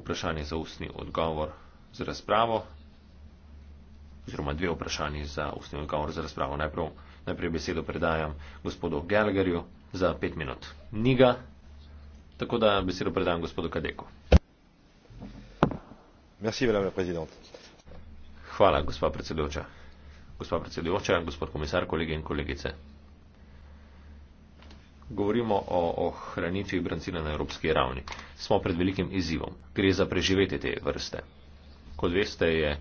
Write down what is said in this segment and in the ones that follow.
vprašanje za ustni odgovor z razpravo, oziroma dve vprašanje za ustni odgovor z razpravo. Najprej, najprej besedo predajam gospodu Gelgerju za pet minut. Niga, tako da besedo predajam gospodu Kadeku. Merci, Hvala, gospa predsedujoča. Gospa predsedujoča, gospod komisar, kolegi in kolegice govorimo o ohranitvi brancina na evropski ravni. Smo pred velikim izzivom. Gre za preživetje te vrste. Kot veste, je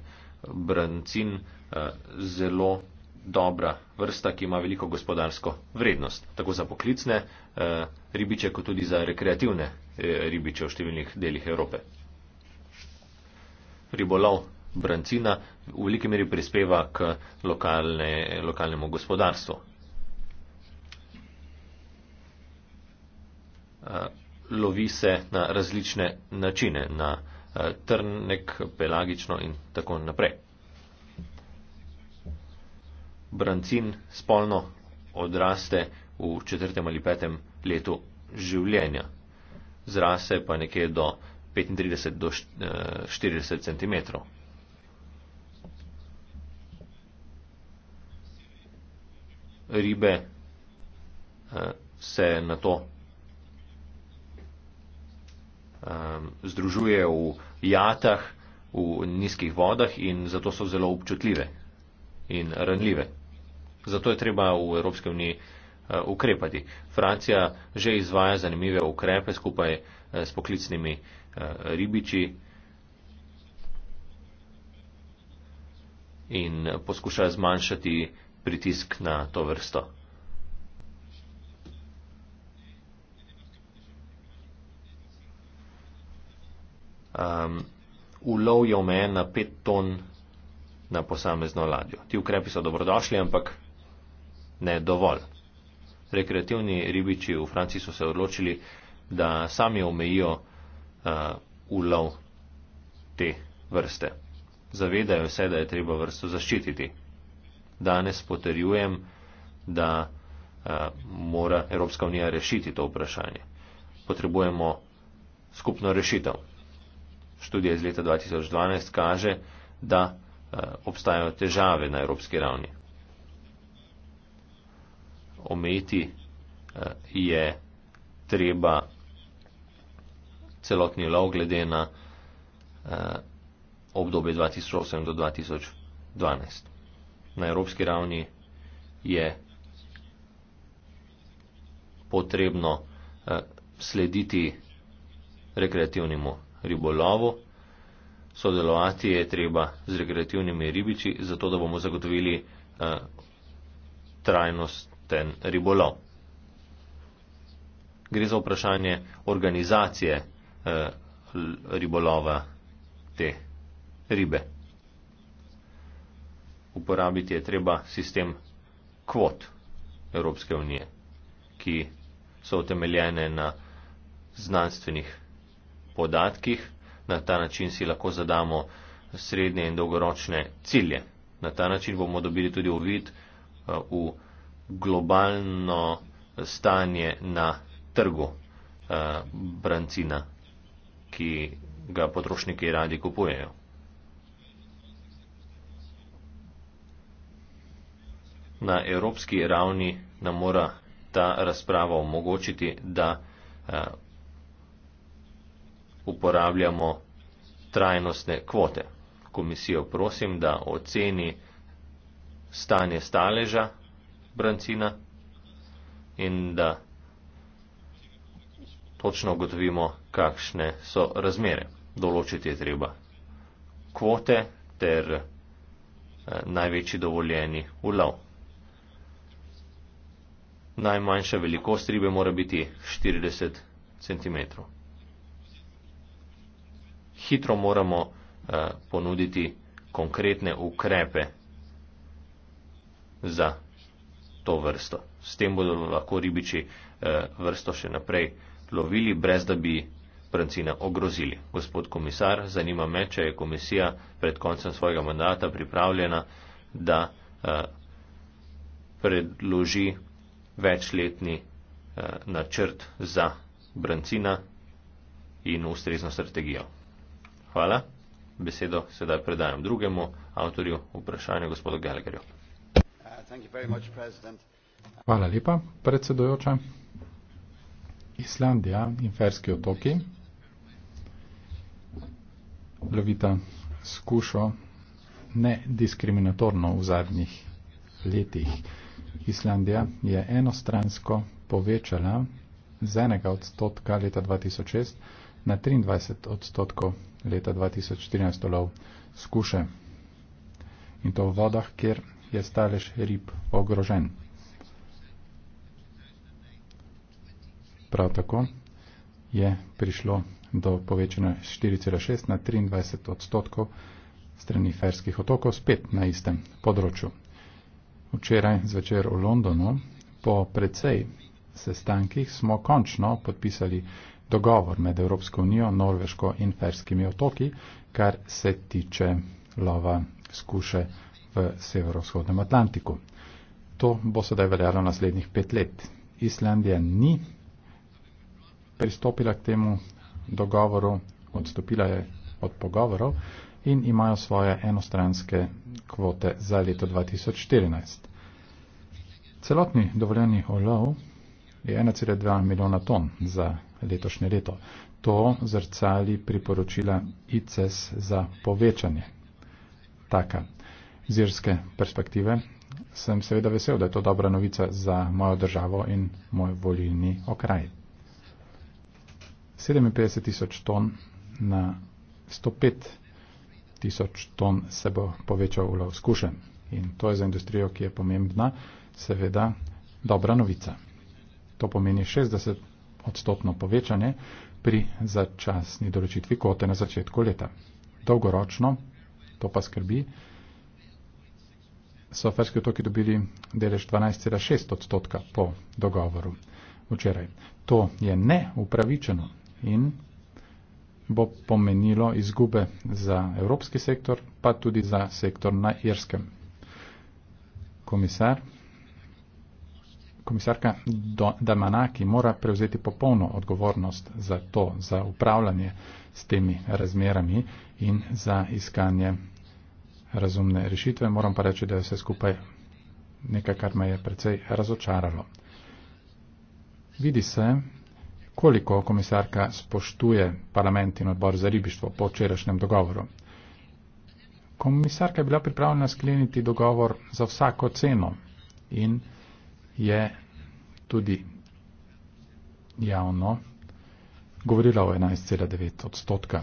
brancin eh, zelo dobra vrsta, ki ima veliko gospodarsko vrednost, tako za poklicne eh, ribiče, kot tudi za rekreativne eh, ribiče v številnih delih Evrope. Ribolov brancina v veliki meri prispeva k lokalne, lokalnemu gospodarstvu. Eh, lovi se na različne načine, na eh, trnek, pelagično in tako naprej. Brancin spolno odraste v četrtem ali petem letu življenja. Zrase pa nekje do 35 do 40 eh, centimetrov. Ribe se na to združujejo v jatah, v nizkih vodah in zato so zelo občutljive in ranljive. Zato je treba v Evropske unije eh, ukrepati. Francija že izvaja zanimive ukrepe skupaj eh, s poklicnimi eh, ribiči in poskuša zmanjšati pritisk na to vrsto. um, ulovijo me na pet ton na posamezno ladjo. Ti ukrepi so dobrodošli, ampak ne dovolj. Rekreativni ribiči v Franciji so se odločili, da sami omejijo uh, ulov te vrste. Zavedajo se, da je treba vrsto zaščititi. Danes potrjujem, da uh, mora Evropska unija rešiti to vprašanje. Potrebujemo skupno rešitev študija iz leta 2012 kaže, da eh, obstajajo težave na evropski ravni. Ometi eh, je treba celotni lov glede na eh, obdobje 2008 do 2012. Na evropski ravni je potrebno slediti rekreativnemu ribolovu. Sodelovati je treba z rekreativnimi ribiči, zato da bomo zagotovili eh, trajnosten ribolov. Gre za vprašanje organizacije eh, ribolova te ribe. Uporabiti je treba sistem kvot Evropske unije, ki so utemeljene na znanstvenih podatkih. Na ta način si lahko zadamo srednje in dolgoročne cilje. Na ta način bomo dobili tudi uvid eh, v globalno stanje na trgu eh, brancina, ki ga potrošniki radi kupujejo. Na evropski ravni nam mora ta razprava omogočiti, da eh, uporabljamo trajnostne kvote. Komisijo prosim, da oceni stanje staleža brancina in da točno ugotovimo, kakšne so razmere. Določiti je treba kvote ter eh, največji dovoljeni ulov. Najmanjša velikost ribe mora biti 40 cm hitro moramo eh, ponuditi konkretne ukrepe za to vrsto. S tem bodo lahko ribiči eh, vrsto še naprej lovili, brez da bi prancina ogrozili. Gospod komisar, zanima me, če je komisija pred koncem svojega mandata pripravljena, da eh, predloži večletni načrt za brancina in ustrezno strategijo. Hvala. Besedo sedaj predajam drugemu avtorju vprašanja, gospodu Gallagherju. Hvala lepa, predsedojoča. Islandija in Ferski otoki lovita skušo nediskriminatorno v zadnjih letih. Islandija je enostransko povečala z enega odstotka leta 2006 na 23 odstotkov leta 2014 olov skuše. In to v vodah, kjer je stalež rib ogrožen. Prav tako je prišlo do povečanja 4,6 na 23 odstotkov strani ferskih otokov, spet na istem področju. Včeraj zvečer v Londonu po precej sestankih smo končno podpisali dogovor med Evropsko unijo, Norveško in Ferskimi otoki, kar se tiče lova skuše v severovzhodnem Atlantiku. To bo sedaj veljalo naslednjih pet let. Islandija ni pristopila k temu dogovoru, odstopila je od pogovorov in imajo svoje enostranske kvote za leto 2014. Celotni dovoljeni olov je 1,2 milijona ton za letošnje leto. To zrcali priporočila ICES za povečanje. Taka. Z irske perspektive sem seveda vesel, da je to dobra novica za mojo državo in moj volilni okraj. 57 tisoč ton na 105 tisoč ton se bo povečal ulov skušen. In to je za industrijo, ki je pomembna, seveda dobra novica. To pomeni 60 odstotno povečanje pri začasni določitvi kvote na začetku leta. Dolgoročno, to pa skrbi, so Ferski otoki dobili delež 12,6 odstotka po dogovoru včeraj. To je neupravičeno in bo pomenilo izgube za evropski sektor, pa tudi za sektor na irskem. Komisar komisarka Damanaki mora prevzeti popolno odgovornost za to, za upravljanje s temi razmerami in za iskanje razumne rešitve. Moram pa reči, da je vse skupaj nekaj, kar me je precej razočaralo. Vidi se, koliko komisarka spoštuje parlament in odbor za ribištvo po včerajšnjem dogovoru. Komisarka je bila pripravljena skleniti dogovor za vsako ceno in je tudi javno govorila o 11,9 odstotka.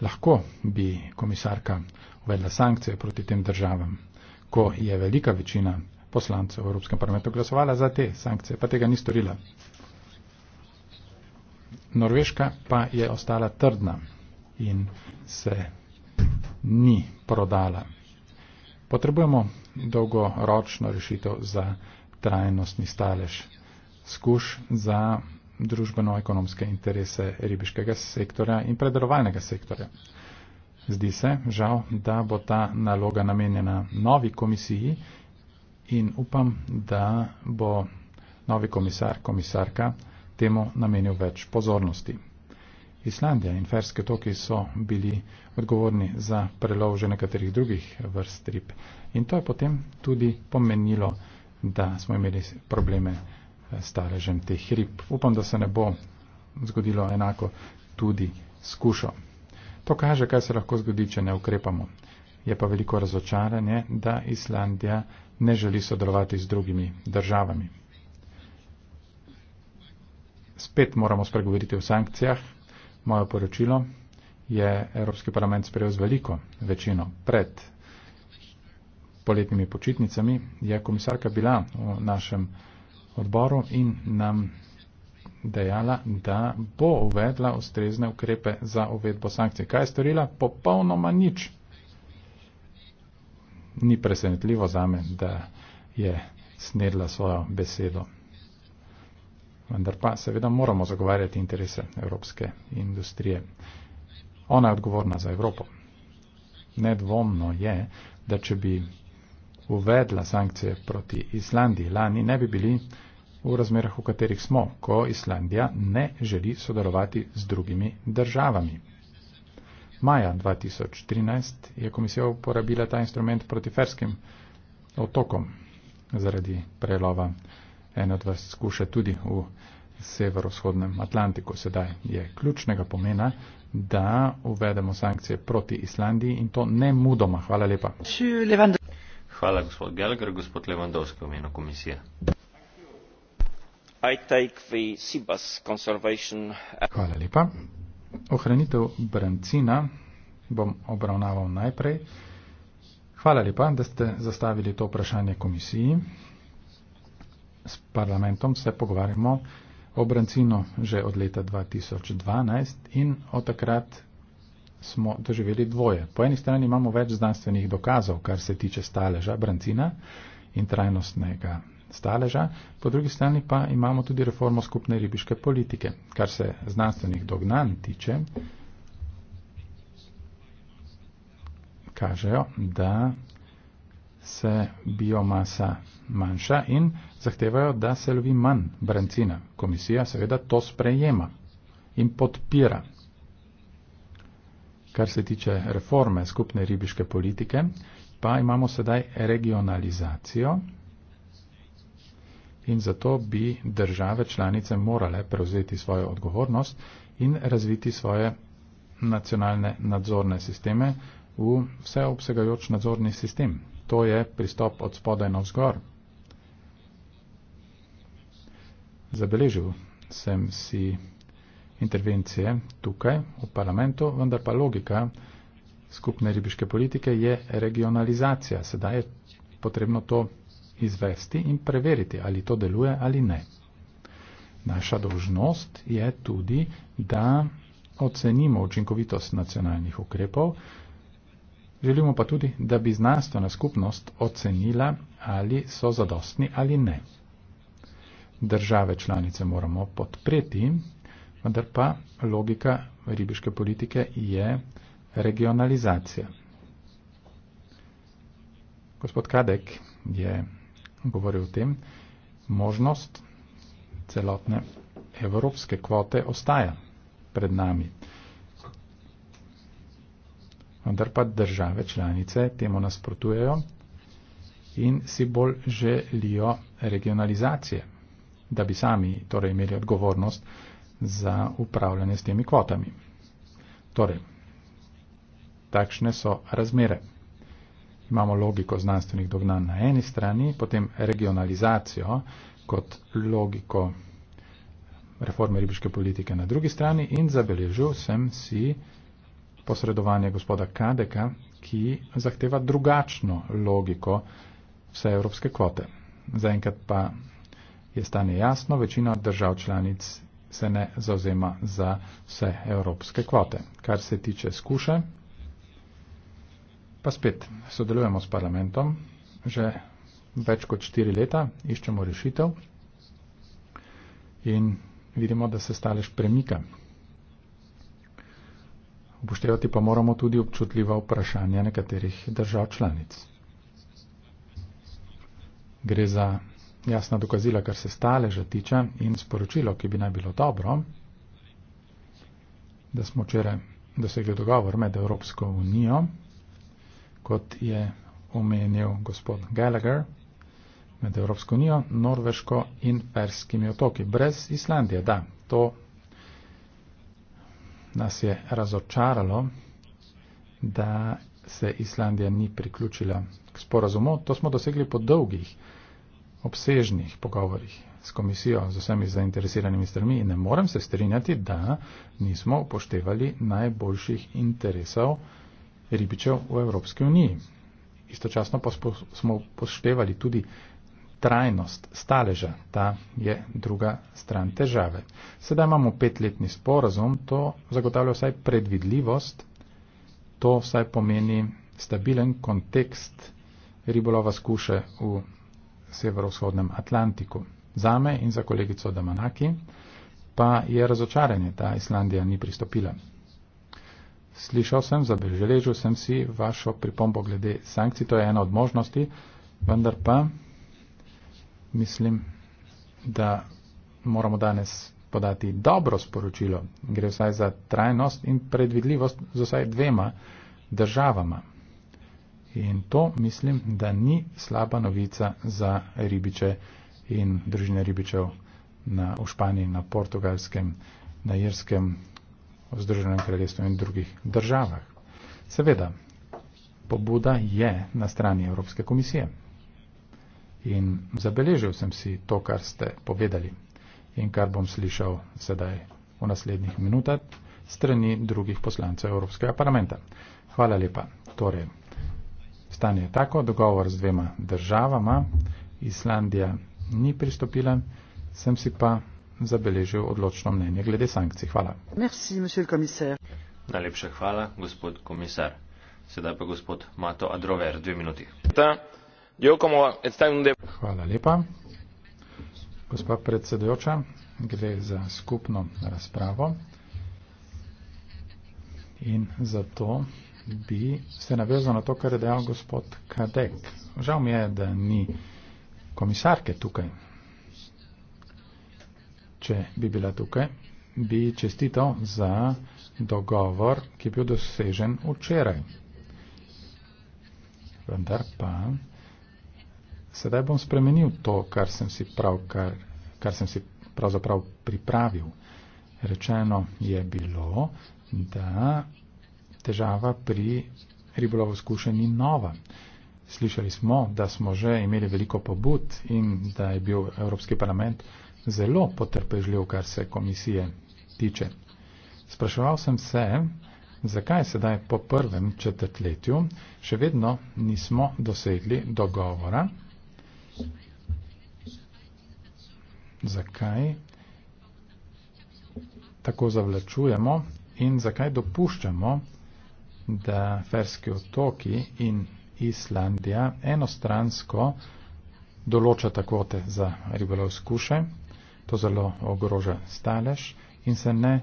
Lahko bi komisarka uvedla sankcije proti tem državam, ko je velika večina poslancev v Evropskem parlamentu glasovala za te sankcije, pa tega ni storila. Norveška pa je ostala trdna in se ni prodala. Potrebujemo dolgoročno rešitev za trajnostni stalež. Skuš za družbeno-ekonomske interese ribiškega sektorja in predarovalnega sektorja. Zdi se, žal, da bo ta naloga namenjena novi komisiji in upam, da bo novi komisar, komisarka, temu namenil več pozornosti. Islandija in Ferske toki so bili odgovorni za prelov že nekaterih drugih vrst rib. In to je potem tudi pomenilo, da smo imeli probleme eh, s staležem teh hrib. Upam, da se ne bo zgodilo enako tudi skušo. To kaže, kaj se lahko zgodi, če ne ukrepamo. Je pa veliko razočaranje, da Islandija ne želi sodelovati z drugimi državami. Spet moramo spregovoriti o sankcijah. Moje poročilo je Evropski parlament sprejel z veliko večino pred poletnimi počitnicami, je komisarka bila v našem odboru in nam dejala, da bo uvedla ustrezne ukrepe za uvedbo sankcij. Kaj je storila? Popolnoma nič. Ni presenetljivo za me, da je snedla svojo besedo. Vendar pa seveda moramo zagovarjati interese evropske industrije. Ona je odgovorna za Evropo. Nedvomno je, da če bi uvedla sankcije proti Islandiji lani, ne bi bili v razmerah, v katerih smo, ko Islandija ne želi sodelovati z drugimi državami. Maja 2013 je komisija uporabila ta instrument proti ferskim otokom zaradi prelova. En od vas skuša tudi v severovzhodnem Atlantiku. Sedaj je ključnega pomena, da uvedemo sankcije proti Islandiji in to ne mudoma. Hvala lepa. Hvala, gospod Gelger. Gospod Levandovski, omenil komisija. Hvala lepa. Ohranitev brancina bom obravnaval najprej. Hvala lepa, da ste zastavili to vprašanje komisiji. S parlamentom se pogovarjamo o brancino že od leta 2012 in od takrat smo doživeli dvoje. Po eni strani imamo več znanstvenih dokazov, kar se tiče staleža brancina in trajnostnega staleža, po drugi strani pa imamo tudi reformo skupne ribiške politike, kar se znanstvenih dognan tiče, kažejo, da se biomasa manjša in zahtevajo, da se lovi manj brancina. Komisija seveda to sprejema in podpira. Kar se tiče reforme skupne ribiške politike, pa imamo sedaj regionalizacijo in zato bi države članice morale prevzeti svojo odgovornost in razviti svoje nacionalne nadzorne sisteme v vseobsegajoč nadzorni sistem. To je pristop od spodaj na vzgor. Zabeležil sem si intervencije tukaj v parlamentu, vendar pa logika skupne ribiške politike je regionalizacija. Sedaj je potrebno to izvesti in preveriti, ali to deluje ali ne. Naša dožnost je tudi, da ocenimo učinkovitost nacionalnih ukrepov, želimo pa tudi, da bi znanstvena skupnost ocenila, ali so zadostni ali ne. Države članice moramo podpreti, Vendar pa logika ribiške politike je regionalizacija. Gospod Kadek je govoril o tem, možnost celotne evropske kvote ostaja pred nami. Vendar pa države članice temu nasprotujejo in si bolj želijo regionalizacije, da bi sami torej imeli odgovornost za upravljanje s temi kvotami. Torej, takšne so razmere. Imamo logiko znanstvenih dognanj na eni strani, potem regionalizacijo kot logiko reforme ribiške politike na drugi strani in zabeležil sem si posredovanje gospoda Kadeka, ki zahteva drugačno logiko vse evropske kvote. Zaenkrat pa je stanje jasno, večina držav članic se ne zauzema za vse evropske kvote. Kar se tiče skuše, pa spet sodelujemo s parlamentom, že več kot štiri leta iščemo rešitev in vidimo, da se stalež premika. Upoštevati pa moramo tudi občutljiva vprašanja nekaterih držav članic. Gre za jasna dokazila, kar se staleža tiče in sporočilo, ki bi naj bilo dobro, da smo včeraj dosegli dogovor med Evropsko unijo, kot je omenil gospod Gallagher, med Evropsko unijo, Norveško in Perskimi otoki. Brez Islandije, da, to nas je razočaralo, da se Islandija ni priključila k sporazumu. To smo dosegli po dolgih obsežnih pogovorih s komisijo, z vsemi zainteresiranimi strmi in ne morem se strinjati, da nismo upoštevali najboljših interesov ribičev v Evropski uniji. Istočasno pa smo upoštevali tudi trajnost staleža, ta je druga stran težave. Sedaj imamo petletni sporazum, to zagotavlja vsaj predvidljivost, to vsaj pomeni stabilen kontekst ribolova skuše v severovzhodnem Atlantiku. Zame in za kolegico Damanaki pa je razočaranje, da Islandija ni pristopila. Slišal sem, zabeležil sem si vašo pripombo glede sankcij, to je ena od možnosti, vendar pa mislim, da moramo danes podati dobro sporočilo. Gre vsaj za trajnost in predvidljivost z vsaj dvema državama. In to mislim, da ni slaba novica za ribiče in družine ribičev na, v Španiji, na Portugalskem, na Irskem, v Združenem kraljestvu in drugih državah. Seveda, pobuda je na strani Evropske komisije. In zabeležil sem si to, kar ste povedali in kar bom slišal sedaj v naslednjih minutah strani drugih poslancev Evropskega parlamenta. Hvala lepa. Torej, Stanje je tako, dogovor z dvema državama, Islandija ni pristopila, sem si pa zabeležil odločno mnenje glede sankcij. Hvala. Merci, Najlepša hvala, gospod komisar. Sedaj pa gospod Mato Adrover, dve minuti. Hvala lepa. Gospa predsedujoča, gre za skupno razpravo in zato bi se navezal na to, kar je dejal gospod Kadek. Žal mi je, da ni komisarke tukaj. Če bi bila tukaj, bi čestital za dogovor, ki je bil dosežen včeraj. Vendar pa sedaj bom spremenil to, kar sem si, prav, kar, kar sem si pravzaprav pripravil. Rečeno je bilo, da težava pri ribolovu skušen ni nova. Slišali smo, da smo že imeli veliko pobud in da je bil Evropski parlament zelo potrpežljiv, kar se komisije tiče. Spraševal sem se, zakaj sedaj po prvem četrtletju še vedno nismo dosegli dogovora, zakaj tako zavlačujemo in zakaj dopuščamo da Ferski otoki in Islandija enostransko določata kvote za ribolov skuše, to zelo ogroža stalež in se ne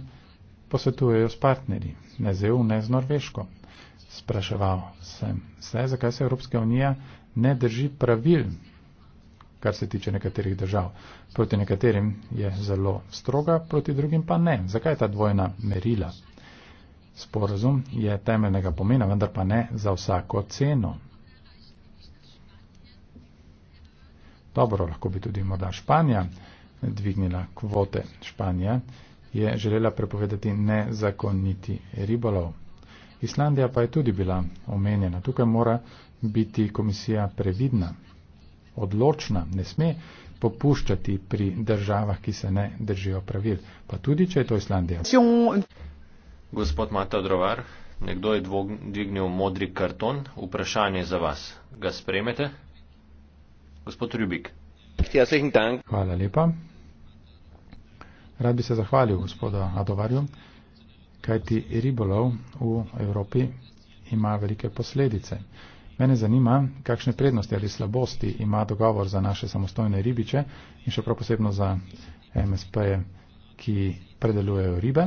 posvetujejo s partnerji, ne z EU, ne z Norveško. Spraševal sem se, zakaj se Evropska unija ne drži pravil, kar se tiče nekaterih držav. Proti nekaterim je zelo stroga, proti drugim pa ne. Zakaj ta dvojna merila? Sporazum je temeljnega pomena, vendar pa ne za vsako ceno. Dobro, lahko bi tudi morda Španija dvignila kvote. Španija je želela prepovedati nezakoniti ribolov. Islandija pa je tudi bila omenjena. Tukaj mora biti komisija previdna, odločna, ne sme popuščati pri državah, ki se ne držijo pravil. Pa tudi, če je to Islandija. Gospod Mata Drovar, nekdo je dvignil modri karton. Vprašanje za vas. Ga spremete? Gospod Rubik. Ja, Hvala lepa. Rad bi se zahvalil gospodu Adovarju, kajti ribolov v Evropi ima velike posledice. Mene zanima, kakšne prednosti ali slabosti ima dogovor za naše samostojne ribiče in še prav posebno za MSP-je, ki predelujejo ribe.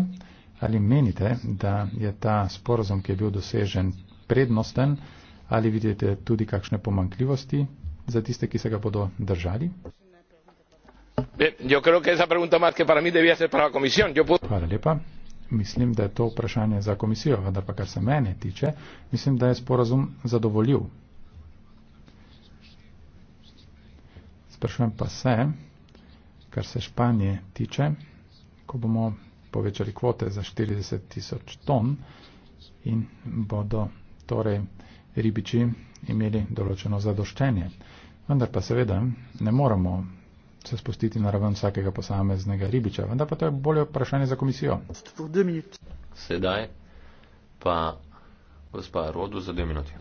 Ali menite, da je ta sporozum, ki je bil dosežen, prednosten, ali vidite tudi kakšne pomankljivosti za tiste, ki se ga bodo držali? Hvala lepa. Mislim, da je to vprašanje za komisijo, vendar pa kar se mene tiče, mislim, da je sporozum zadovoljiv. Sprašujem pa se, kar se Španije tiče, ko bomo povečali kvote za 40 tisoč ton in bodo torej ribiči imeli določeno zadoščenje. Vendar pa seveda ne moramo se spustiti na raven vsakega posameznega ribiča, vendar pa to je bolje vprašanje za komisijo. Sedaj pa gospa Rodu za dve minuti.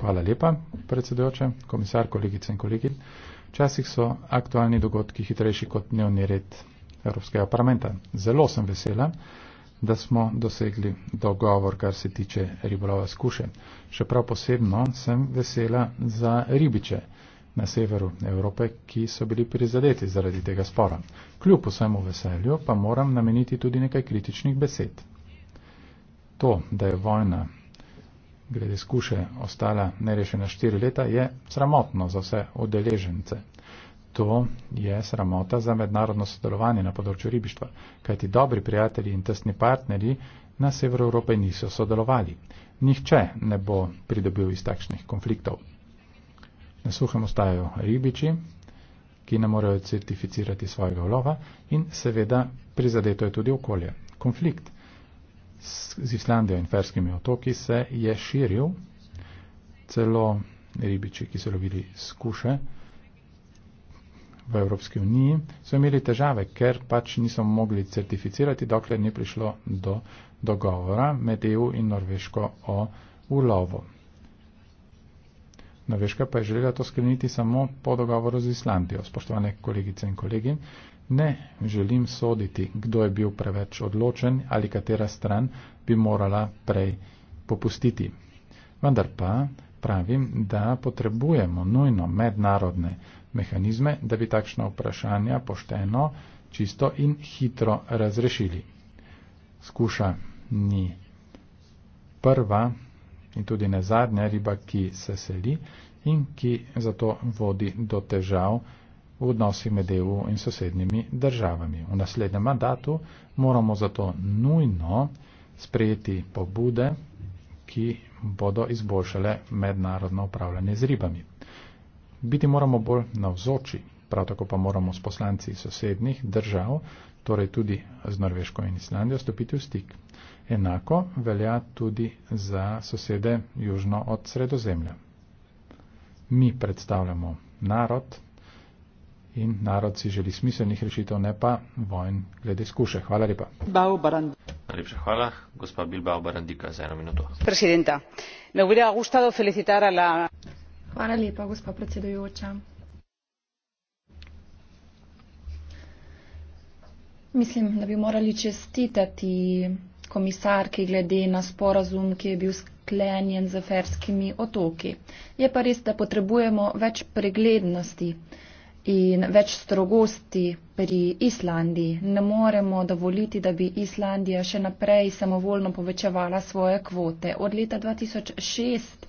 Hvala lepa, predsedujoče, komisar, kolegice in kolegi. Včasih so aktualni dogodki hitrejši kot dnevni red Evropskega parlamenta. Zelo sem vesela, da smo dosegli dogovor, kar se tiče ribolova skuše. Še prav posebno sem vesela za ribiče na severu Evrope, ki so bili prizadeti zaradi tega spora. Kljub vsemu veselju pa moram nameniti tudi nekaj kritičnih besed. To, da je vojna glede skuše ostala nerešena štiri leta, je sramotno za vse odeležence. To je sramota za mednarodno sodelovanje na področju ribištva, kajti dobri prijatelji in tesni partnerji na severu Evrope niso sodelovali. Nihče ne bo pridobil iz takšnih konfliktov. Na suhem ostajajo ribiči, ki ne morejo certificirati svojega ulova in seveda prizadeto je tudi okolje. Konflikt z Islandijo in Ferskimi otoki se je širil, celo ribiči, ki so lovili skuše, v Evropski uniji, so imeli težave, ker pač niso mogli certificirati, dokler ni prišlo do dogovora med EU in Norveško o ulovu. Norveška pa je želela to skleniti samo po dogovoru z Islandijo. Spoštovane kolegice in kolegi, ne želim soditi, kdo je bil preveč odločen ali katera stran bi morala prej popustiti. Vendar pa pravim, da potrebujemo nujno mednarodne mehanizme, da bi takšna vprašanja pošteno, čisto in hitro razrešili. Skuša ni prva in tudi ne zadnja riba, ki se seli in ki zato vodi do težav v odnosi med EU in sosednjimi državami. V naslednjem mandatu moramo zato nujno sprejeti pobude, ki bodo izboljšale mednarodno upravljanje z ribami. Biti moramo bolj navzoči, prav tako pa moramo s poslanci sosednjih držav, torej tudi z Norveško in Islandijo, stopiti v stik. Enako velja tudi za sosede južno od sredozemlja. Mi predstavljamo narod, in narod si želi smiselnih rešitev, ne pa vojn glede skuše. Hvala lepa. Najlepša hvala, gospa Bilbao Barandika, za eno minuto. Hvala lepa, gospa predsedujoča. Mislim, da bi morali čestitati komisarki glede na sporazum, ki je bil sklenjen z aferskimi otoki. Je pa res, da potrebujemo več preglednosti. Uh, in več strogosti pri Islandiji. Ne moremo dovoliti, da bi Islandija še naprej samovoljno povečevala svoje kvote. Od leta 2006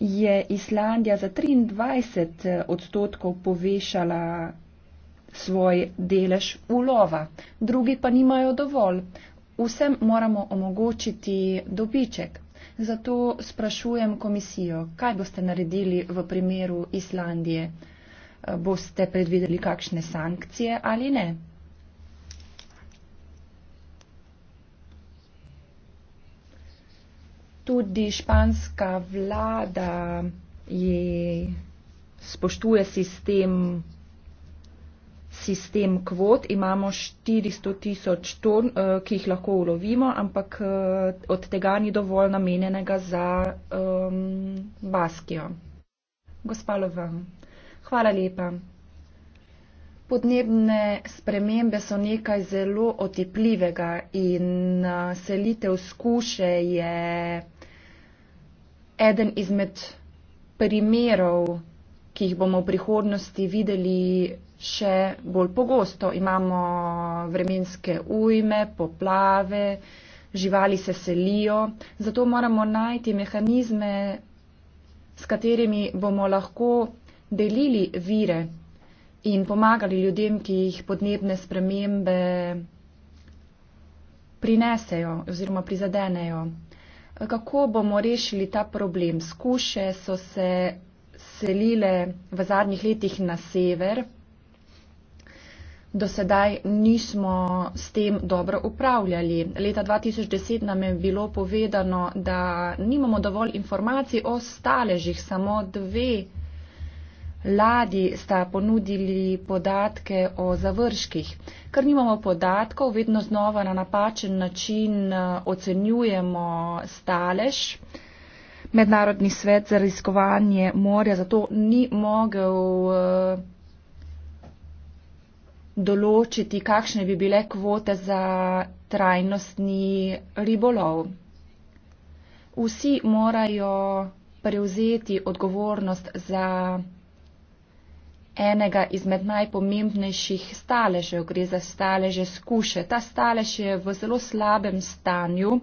je Islandija za 23 odstotkov povešala svoj delež ulova. Drugi pa nimajo dovolj. Vsem moramo omogočiti dobiček. Zato sprašujem komisijo, kaj boste naredili v primeru Islandije. Boste predvideli kakšne sankcije ali ne? Tudi španska vlada je, spoštuje sistem sistem kvot, imamo 400 tisoč ton, eh, ki jih lahko ulovimo, ampak eh, od tega ni dovolj namenjenega za um, baskijo. Gospalo vam, hvala lepa. Podnebne spremembe so nekaj zelo otepljivega in eh, selitev skuše je eden izmed primerov, ki jih bomo v prihodnosti videli še bolj pogosto. Imamo vremenske ujme, poplave, živali se selijo, zato moramo najti mehanizme, s katerimi bomo lahko delili vire in pomagali ljudem, ki jih podnebne spremembe prinesejo oziroma prizadenejo. Kako bomo rešili ta problem? Skuše so se selile v zadnjih letih na sever, do sedaj nismo s tem dobro upravljali. Leta 2010 nam je bilo povedano, da nimamo dovolj informacij o staležih, samo dve ladi sta ponudili podatke o završkih. Ker nimamo podatkov, vedno znova na napačen način eh, ocenjujemo stalež. Mednarodni svet za raziskovanje morja zato ni mogel eh, določiti, kakšne bi bile kvote za trajnostni ribolov. Vsi morajo prevzeti odgovornost za enega izmed najpomembnejših staležev, gre za staleže skuše. Ta stalež je v zelo slabem stanju.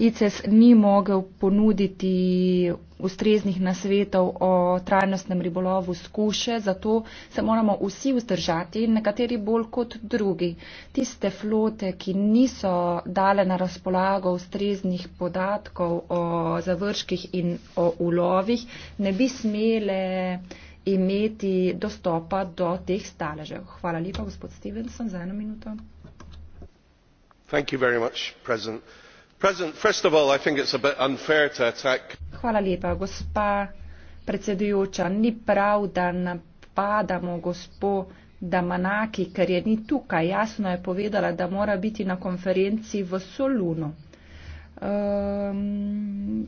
ICES ni mogel ponuditi ustreznih nasvetov o trajnostnem ribolovu skuše, zato se moramo vsi vzdržati, nekateri bolj kot drugi. Tiste flote, ki niso dale na razpolago ustreznih podatkov o završkih in o ulovih, ne bi smele imeti dostopa do teh staležev. Hvala lepa, gospod Stevenson, za eno minuto. Thank you very much, President gospa predsedujoča ni prav da napadamo gospo damanaki ker je ni tukaj jasno je povedala da mora biti na konferenci v solunu um,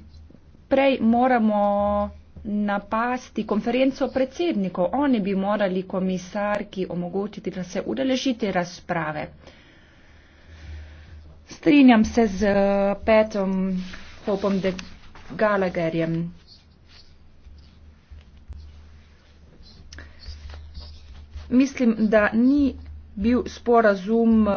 prej moramo napasti konferenco predsednikov oni bi morali komisarki omogočiti da se udeležite razprave Strinjam se z eh, Petom Hopom de Gallagherjem. Mislim, da ni bil sporazum uh,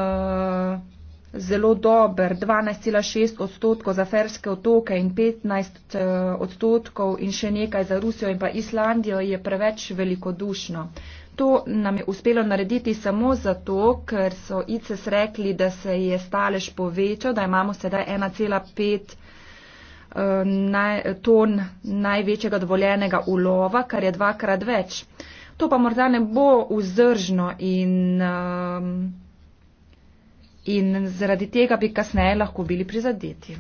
zelo dober, 12,6 odstotkov za Ferske otoke in 15 uh, eh, odstotkov in še nekaj za Rusijo in pa Islandijo je preveč velikodušno. Uh, To nam je uspelo narediti samo zato, ker so ICES rekli, da se je stalež povečal, da imamo sedaj 1,5 eh, ton največjega dovoljenega ulova, kar je dvakrat več. To pa morda ne bo vzdržno in, ehm, in zaradi tega bi kasneje lahko bili prizadeti.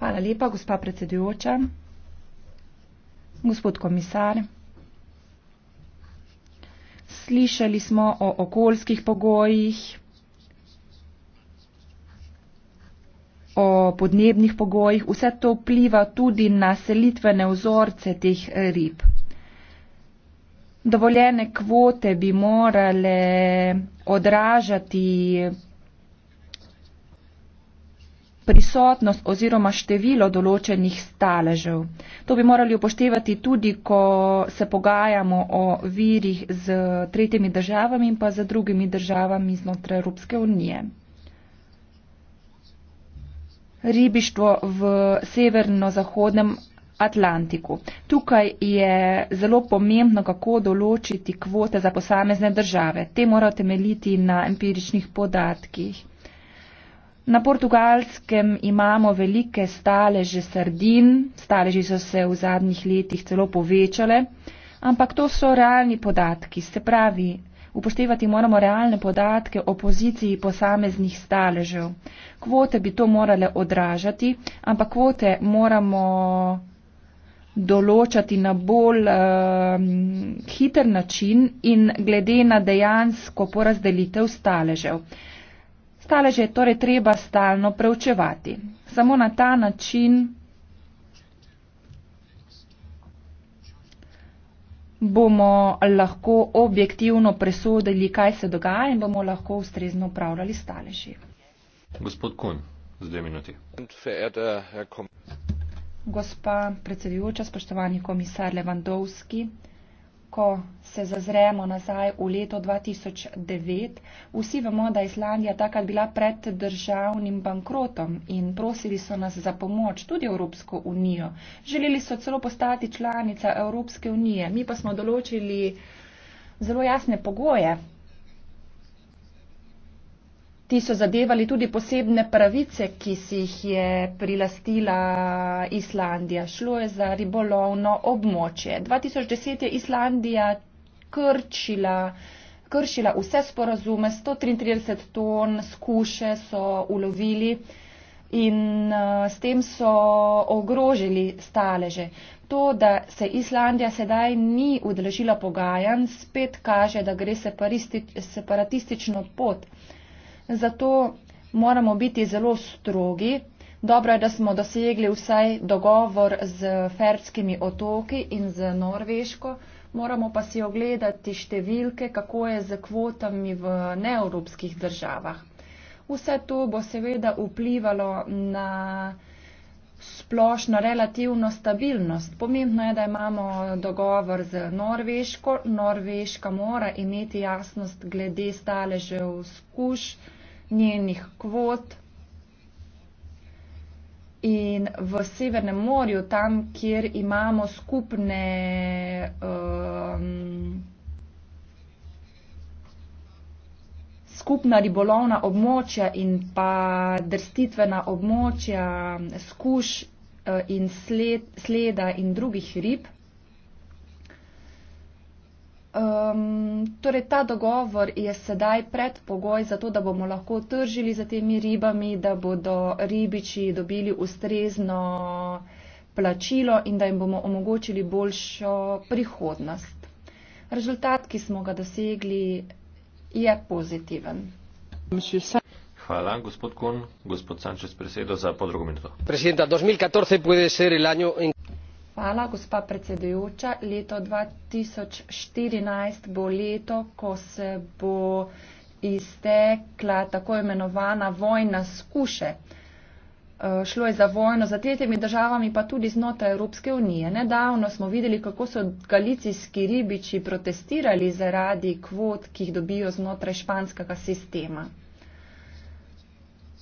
Hvala lepa, gospa predsedujoča. Gospod komisar, slišali smo o okoljskih pogojih, o podnebnih pogojih, vse to vpliva tudi na selitvene vzorce teh rib. Dovoljene kvote bi morale odražati prisotnost oziroma število določenih staležev. To bi morali upoštevati tudi, ko se pogajamo o virih z tretjimi državami in pa z drugimi državami znotraj Evropske unije. Ribištvo v severno-zahodnem Atlantiku. Tukaj je zelo pomembno, kako določiti kvote za posamezne države. Te morajo temeljiti na empiričnih podatkih. Na portugalskem imamo velike staleže sardin, staleži so se v zadnjih letih celo povečale, ampak to so realni podatki, se pravi, upoštevati moramo realne podatke o poziciji posameznih staležev. Kvote bi to morale odražati, ampak kvote moramo določati na bolj um, hiter način in glede na dejansko porazdelitev staležev staleže je torej treba stalno preučevati. Samo na ta način bomo lahko objektivno presodili, kaj se dogaja in bomo lahko ustrezno upravljali staleži. Gospod Kun, z dve minuti. Gospa predsedujoča, spoštovani komisar Levandovski ko se zazremo nazaj v leto 2009, vsi vemo, da je Islandija takrat bila pred državnim bankrotom in prosili so nas za pomoč tudi Evropsko unijo. Želeli so celo postati članica Evropske unije, mi pa smo določili zelo jasne pogoje Ti so zadevali tudi posebne pravice, ki si jih je prilastila Islandija. Šlo je za ribolovno območje. 2010 je Islandija krčila, kršila vse sporazume, 133 ton skuše so ulovili in eh, s tem so ogrožili staleže. To, da se Islandija sedaj ni udeležila pogajanj, spet kaže, da gre separatistično pot. Zato moramo biti zelo strogi. Dobro je, da smo dosegli vsaj dogovor z Ferskimi otoki in z Norveško. Moramo pa si ogledati številke, kako je z kvotami v neevropskih državah. Vse to bo seveda vplivalo na splošno relativno stabilnost. Pomembno je, da imamo dogovor z Norveško. Norveška mora imeti jasnost glede staležev skušnja njenih kvot. In v Severnem morju, tam, kjer imamo skupne um, skupna ribolovna območja in pa drstitvena območja skuš uh, in sled, sleda in drugih rib, Um, torej, ta dogovor je sedaj predpogoj za to, da bomo lahko tržili za temi ribami, da bodo ribiči dobili ustrezno plačilo in da jim bomo omogočili boljšo prihodnost. Rezultat, ki smo ga dosegli, je pozitiven. Hvala, gospod Kon. Gospod Sanchez, presedo za podrogo minuto. 2014 puede ser el año in... Hvala, gospa predsedujoča. Leto 2014 bo leto, ko se bo iztekla tako imenovana vojna skuše. Eh, šlo je za vojno za tretjimi državami, pa tudi znotraj Evropske unije. Nedavno smo videli, kako so galicijski ribiči protestirali zaradi kvot, ki jih dobijo znotraj španskega sistema.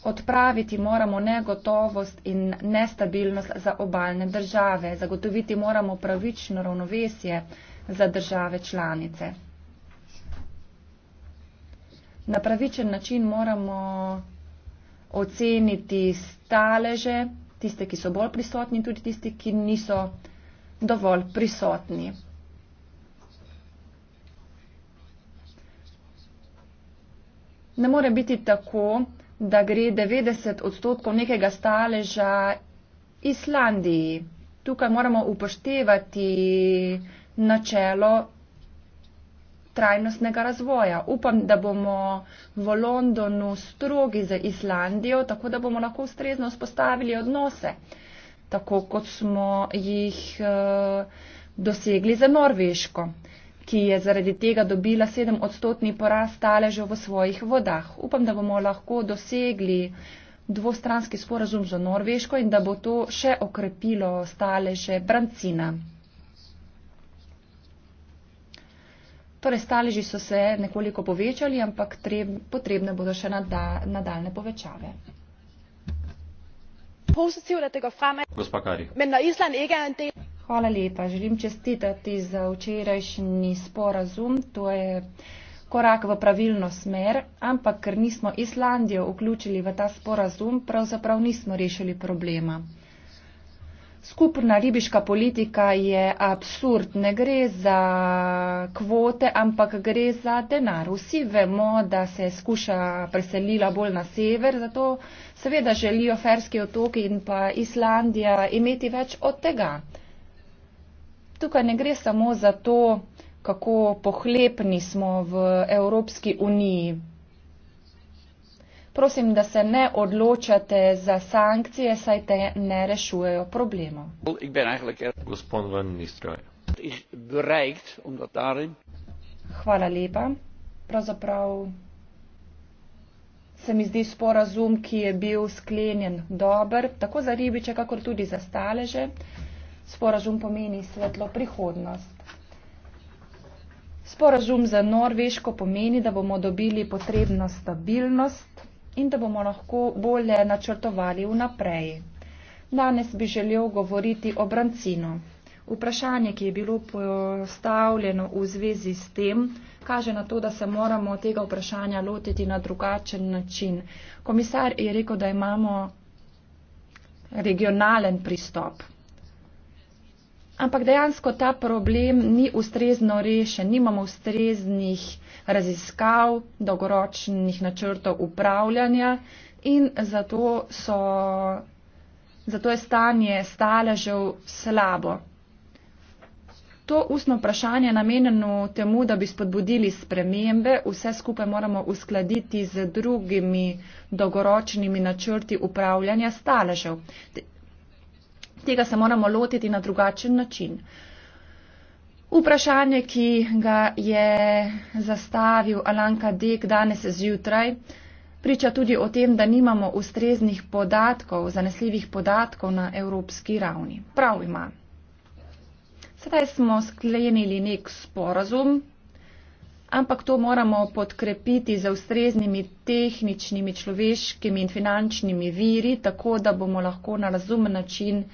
Odpraviti moramo negotovost in nestabilnost za obaljne države. Zagotoviti moramo pravično ravnovesje za države članice. Na pravičen način moramo oceniti staleže, tiste, ki so bolj prisotni, tudi tiste, ki niso dovolj prisotni. Ne more biti tako, da da gre 90 odstotkov nekega staleža Islandiji. Tukaj moramo upoštevati načelo trajnostnega razvoja. Upam, da bomo v Londonu strogi za Islandijo, tako da bomo lahko ustrezno spostavili odnose, tako kot smo jih eh, dosegli za Norveško ki je zaradi tega dobila sedem odstotni porast staležev v svojih vodah. Upam, da bomo lahko dosegli dvostranski sporazum za Norveško in da bo to še okrepilo staleže Brancina. Torej, staleži so se nekoliko povečali, ampak treb, potrebne bodo še nada, nadaljne povečave. Gospa Kari. Hvala lepa. Želim čestitati za včerajšnji sporazum. To je korak v pravilno smer, ampak ker nismo Islandijo vključili v ta sporazum, pravzaprav nismo rešili problema. Skupna ribiška politika je absurd. Ne gre za kvote, ampak gre za denar. Vsi vemo, da se je skuša preselila bolj na sever, zato seveda želijo Ferski otoki in pa Islandija imeti več od tega tukaj ne gre samo za to, kako pohlepni smo v Evropski uniji. Prosim, da se ne odločate za sankcije, saj te ne rešujejo problemov. Er- Hvala lepa. Pravzaprav se mi zdi sporazum, ki je bil sklenjen dober, tako za ribiče, kako tudi za staleže. Sporažum pomeni svetlo prihodnost. Sporažum za Norveško pomeni, da bomo dobili potrebno stabilnost in da bomo lahko bolje načrtovali vnaprej. Danes bi želel govoriti o brancino. Vprašanje, ki je bilo postavljeno v zvezi s tem, kaže na to, da se moramo tega vprašanja lotiti na drugačen način. Komisar je rekel, da imamo regionalen pristop. Ampak dejansko ta problem ni ustrezno rešen, nimamo ustreznih raziskav, dolgoročnih načrtov upravljanja in zato, so, zato je stanje staležev slabo. To ustno vprašanje je namenjeno temu, da bi spodbudili spremembe, vse skupaj moramo uskladiti z drugimi dolgoročnimi načrti upravljanja staležev. Tega se moramo lotiti na drugačen način. Vprašanje, ki ga je zastavil Alanka Dek danes zjutraj, priča tudi o tem, da nimamo ustreznih podatkov, zanesljivih podatkov na evropski ravni. Prav ima. Sedaj smo sklenili nek sporazum, ampak to moramo podkrepiti z ustreznimi tehničnimi, človeškimi in finančnimi viri, tako da bomo lahko na razumen način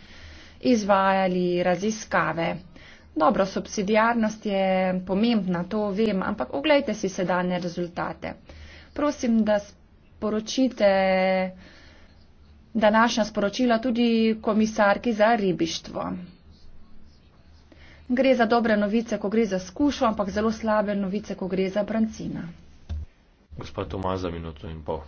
izvajali raziskave. Dobro, subsidijarnost je pomembna, to vem, ampak oglejte si sedajne rezultate. Prosim, da sporočite današnja sporočila tudi komisarki za ribištvo. Gre za dobre novice, ko gre za skušo, ampak zelo slabe novice, ko gre za brancina. Gospa Tomaz, za minuto in pol.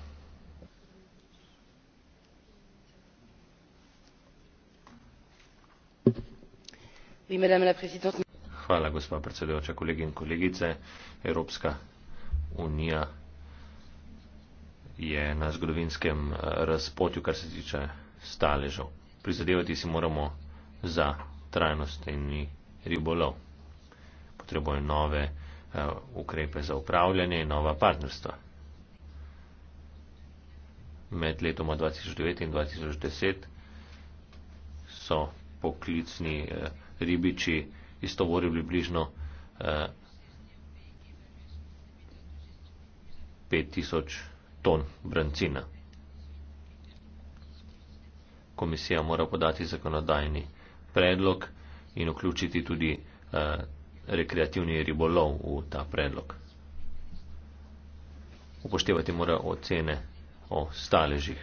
Hvala, gospa predsedujoča, kolegi in kolegice. Evropska unija je na zgodovinskem eh, razpotju, kar se tiče staležev. Prizadevati si moramo za trajnost in mi ribolov. Potrebujejo nove uh, ukrepe za upravljanje in nova partnerstva. Med letoma 2009 in 2010 so poklicni uh, ribiči istovorili bližno uh, eh, 5000 ton brancina. Komisija mora podati zakonodajni predlog in vključiti tudi eh, rekreativni ribolov v ta predlog. Upoštevati mora ocene o staležih.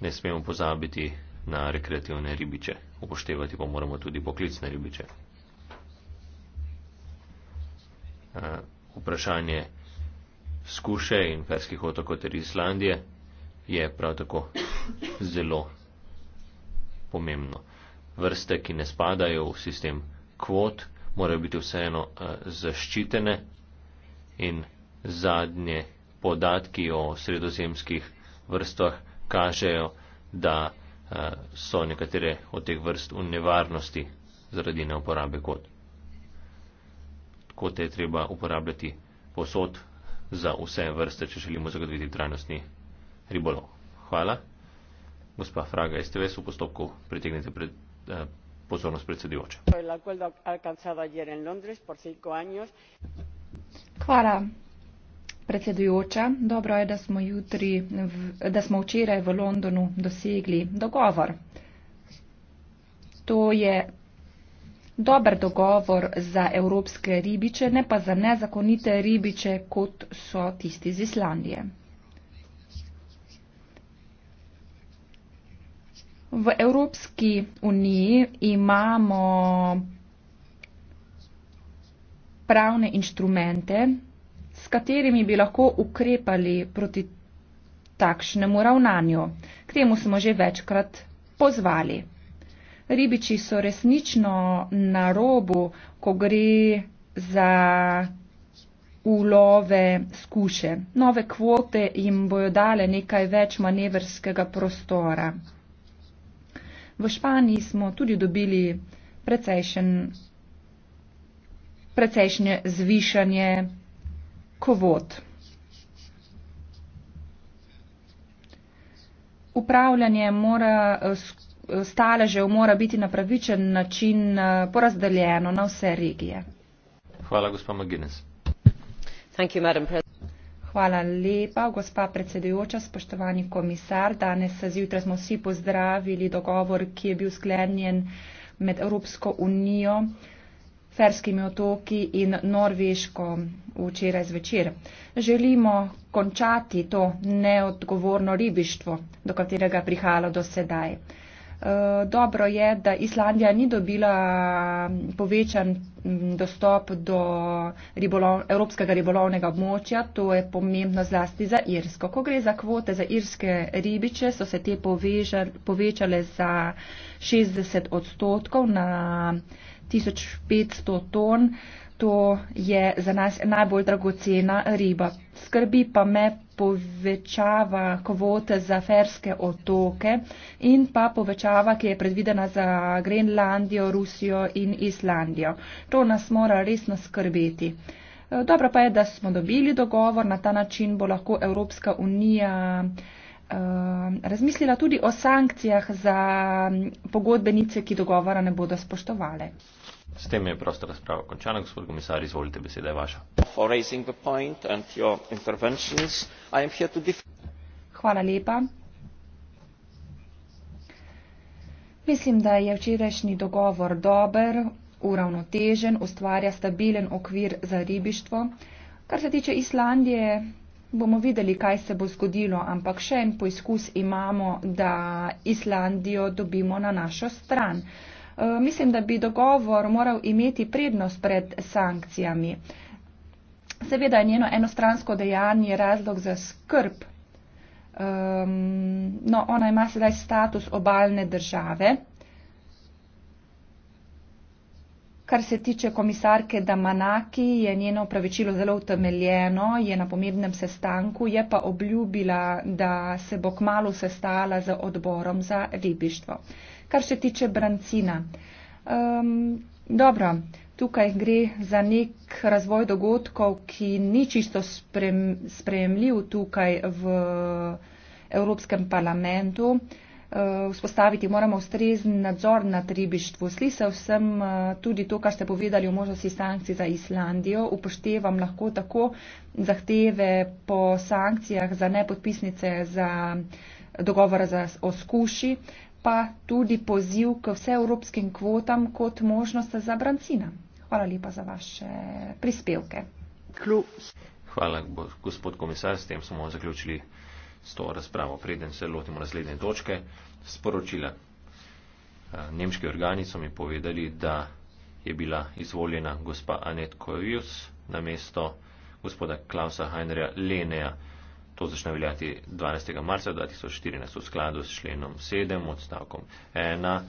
Ne smemo pozabiti na rekreativne ribiče, upoštevati pa moramo tudi poklicne ribiče. Eh, vprašanje skuše in perskih otokov ter Islandije je prav tako zelo pomembno. Vrste, ki ne spadajo v sistem kvot, morajo biti vseeno eh, zaščitene in zadnje podatki o sredozemskih vrstah kažejo, da eh, so nekatere od teh vrst v nevarnosti zaradi neuporabe kvot. Kvote je treba uporabljati posod za vse vrste, če želimo zagotoviti trajnostni ribolov. Hvala. Gospa Fraga, jeste ves v postopku, pritegnite pred, eh, pozornost predsedujoče. Hvala, predsedujoča. Dobro je, da smo, jutri, da smo včeraj v Londonu dosegli dogovor. To je dober dogovor za evropske ribiče, ne pa za nezakonite ribiče, kot so tisti z Islandije. V Evropski uniji imamo pravne inštrumente, s katerimi bi lahko ukrepali proti takšnemu ravnanju. K temu smo že večkrat pozvali. Ribiči so resnično na robu, ko gre za ulove skuše. Nove kvote jim bojo dale nekaj več manevrskega prostora. V Španiji smo tudi dobili precejšnje zvišanje kvot. Upravljanje mora, staležev mora biti na pravičen način porazdeljeno na vse regije. Hvala, gospod McGuinness. Hvala lepa, gospa predsedujoča, spoštovani komisar. Danes zjutraj smo vsi pozdravili dogovor, ki je bil sklenjen med Evropsko unijo, Ferskimi otoki in Norveško včeraj zvečer. Želimo končati to neodgovorno ribištvo, do katerega prihalo do sedaj. Eh, dobro je, da Islandija ni dobila mm, povečan mm, dostop do ribolov, evropskega ribolovnega območja. To je pomembno zlasti za Irsko. Ko gre za kvote za irske ribiče, so se te povečale za 60 odstotkov na 1500 ton to je za nas najbolj dragocena riba. Skrbi pa me povečava kvote za ferske otoke in pa povečava, ki je predvidena za Grenlandijo, Rusijo in Islandijo. To nas mora resno skrbeti. Eh, dobro pa je, da smo dobili dogovor, na ta način bo lahko Evropska unija eh, razmislila tudi o sankcijah za mm, pogodbenice, ki dogovora ne bodo spoštovale. S tem je prosta razprava končana. Gospod komisar, izvolite, beseda je vaša. Hvala lepa. Mislim, da je včerajšnji dogovor dober, uravnotežen, ustvarja stabilen okvir za ribištvo. Kar se tiče Islandije, bomo videli, kaj se bo zgodilo, ampak še en poizkus imamo, da Islandijo dobimo na našo stran. Uh, Eh, mislim, da bi dogovor moral imeti prednost pred sankcijami. Seveda je njeno enostransko dejanje razlog za skrb. Um, no, ona ima sedaj status obalne države. Kar se tiče komisarke Damanaki, je njeno pravičilo zelo utemeljeno, je na pomembnem sestanku, je pa obljubila, da se bo kmalo sestala z odborom za ribištvo. Uh, kar se tiče brancina. Um, dobro, tukaj gre za nek razvoj dogodkov, ki ni čisto sprem, spremljiv tukaj v Evropskem parlamentu. Vzpostaviti moramo ustrezen nadzor nad ribištvom. Sli se vsem tudi to, kar ste povedali o možnosti sankcij za Islandijo. Upoštevam lahko tako zahteve po sankcijah za nepodpisnice za dogovora za oskuši, pa tudi poziv k vseevropskim kvotam kot možnost za brancina. Hvala lepa za vaše prispevke. Hvala, gospod komisar. S tem smo zaključili s to razpravo. Preden se lotimo naslednje točke, sporočila. Eh, nemški organi so mi povedali, da je bila izvoljena gospa Anet Kojus na mesto gospoda Klausa Heinreja Leneja. To začne veljati 12. marca 2014 v skladu s členom 7 odstavkom 1